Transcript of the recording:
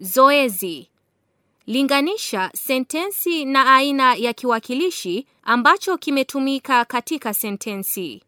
Zoezi. Linganisha sentensi na aina ya kiwakilishi ambacho kimetumika katika sentensi.